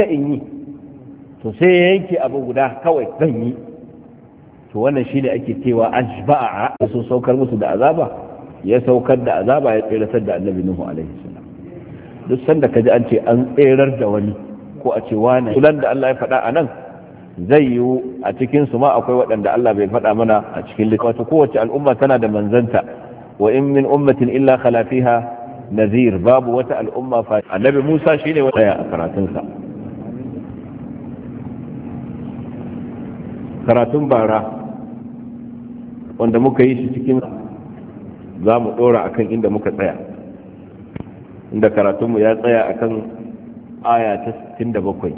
ta in yi to sai ya yanke abu guda kawai zan yi to wannan shi ne ake cewa ajba'a da sun saukar musu da azaba ya saukar da azaba ya tseratar da annabi nuhu alaihi salam duk sanda ka ji an ce an tserar da wani ko a ce wani sulan da Allah ya faɗa a nan zai yiwu a cikin su ma akwai waɗanda Allah bai faɗa mana a cikin littafi kowace al'umma tana da manzanta wa in min ummatin illa khala fiha nazir babu wata al'umma fa annabi Musa shine wata a karatunsa karatun bara wanda muka yi shi cikin za mu ɗora akan inda muka tsaya inda karatunmu ya tsaya akan aya ta 67